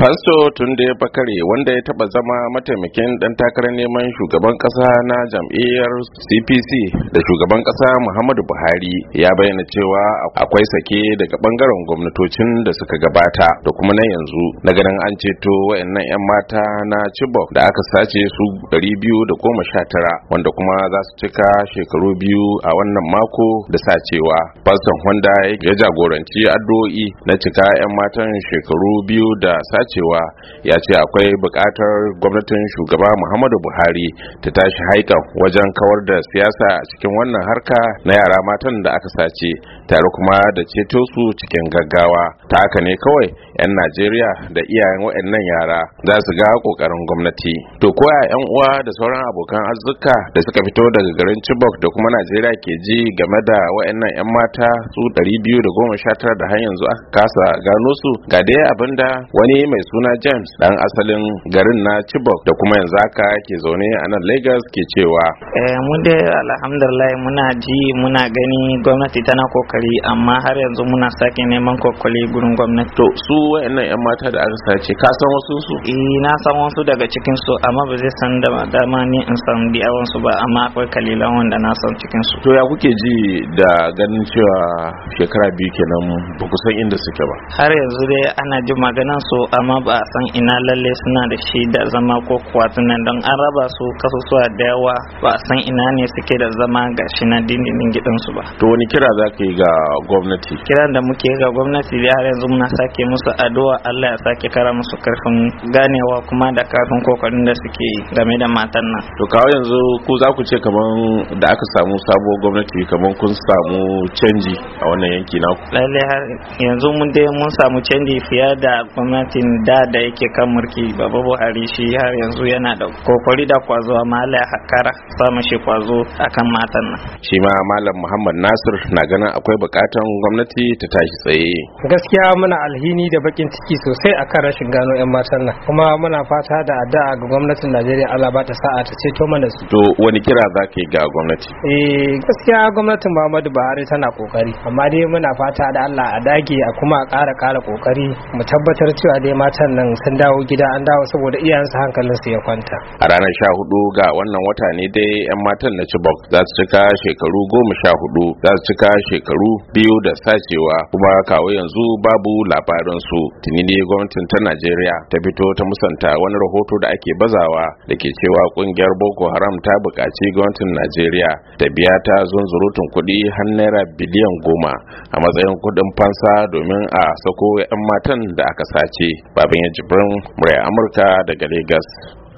Fasto Tunde Bakare wanda ya taba zama mataimakin dan takarar neman shugaban kasa na jam'iyyar CPC da shugaban kasa Muhammadu Buhari ya bayyana cewa akwai sake daga bangaren gwamnatocin da suka gabata da kuma na yanzu na ganin an ceto wayannan 'yan mata na Chibok da aka sace su 219 wanda kuma za su cika shekaru biyu a wannan mako da sacewa. Faston Honda ya jagoranci addu'o'i na cika 'yan matan shekaru biyu da sace cewa ya ce akwai bukatar gwamnatin shugaba muhammadu buhari ta tashi haikan wajen kawar da siyasa a cikin wannan harka na yara matan da aka sace tare kuma da ceto su cikin gaggawa ta haka ne kawai 'yan najeriya da iyayen waɗannan yara za su ga ƙoƙarin gwamnati to koya 'yan uwa da sauran abokan arzika da suka fito daga garin chibok da kuma najeriya ke ji game da waɗannan 'yan mata su 219 da har yanzu aka kasa gano su ga dai abinda wani mai mai suna james dan asalin garin na chibok da kuma yanzu haka ke zaune a nan lagos ke cewa eh, mu da alhamdulillah muna ji muna gani gwamnati tana kokari amma har yanzu muna sake neman kokari gurin gwamnati to su wayannan yan mata da aka sace ka san wasu su eh na san wasu daga cikin su amma ba zai san da dama ni in san da yawan su ba amma akwai kalilan wanda na san cikin su to ya kuke ji da ganin cewa shekara biyu kenan ba ku san inda suke ba har yanzu dai ana jin maganan su amma amma ba a san ina lalle suna da shi da zama ko kuwa tunan don an raba su kasusuwa da yawa ba a san ina ne suke da zama ga shi na dindindin gidansu ba to wani kira za ka yi ga gwamnati kiran da muke ga gwamnati da har yanzu muna sake musu addu'a Allah ya sake kara musu karfin ganewa kuma da karfin kokarin da suke game da matan nan to kawo yanzu ku za ku ce kaman da aka samu sabuwar gwamnati kaman kun samu canji a wannan yanki naku lalle har yanzu mun dai mun samu canji fiye da gwamnatin da da yake kan murki baba buhari shi har yanzu yana da Kokori da kwazo a malaya hakara samun shi kwazo akan matan nan shi ma malam muhammad nasir na ganin akwai bukatan gwamnati ta tashi tsaye gaskiya muna alhini da bakin ciki sosai a kan rashin gano yan matan nan kuma muna fata da addu'a ga gwamnatin najeriya Allah ba ta sa'a ta ceto mana su to wani kira za ka yi ga gwamnati eh gaskiya gwamnatin muhammadu buhari tana kokari amma dai muna fata da Allah a dage a kuma a kara kara kokari mu tabbatar cewa dai matan nan sun dawo gida an dawo saboda iyayensu su ya kwanta a ranar sha hudu ga wannan wata ne dai yan matan na chibok za su cika shekaru goma sha hudu za su cika shekaru biyu da sacewa kuma kawo yanzu babu su tuni ne gwamnatin ta najeriya ta fito ta musanta wani rahoto da ake bazawa da ke cewa kungiyar boko haram ta buƙaci gwamnatin najeriya ta biya ta zunzurutun kuɗi har naira biliyan goma a matsayin kuɗin fansa domin a sako 'yan matan da aka sace babin ya jibrin muryar amurka daga Legas.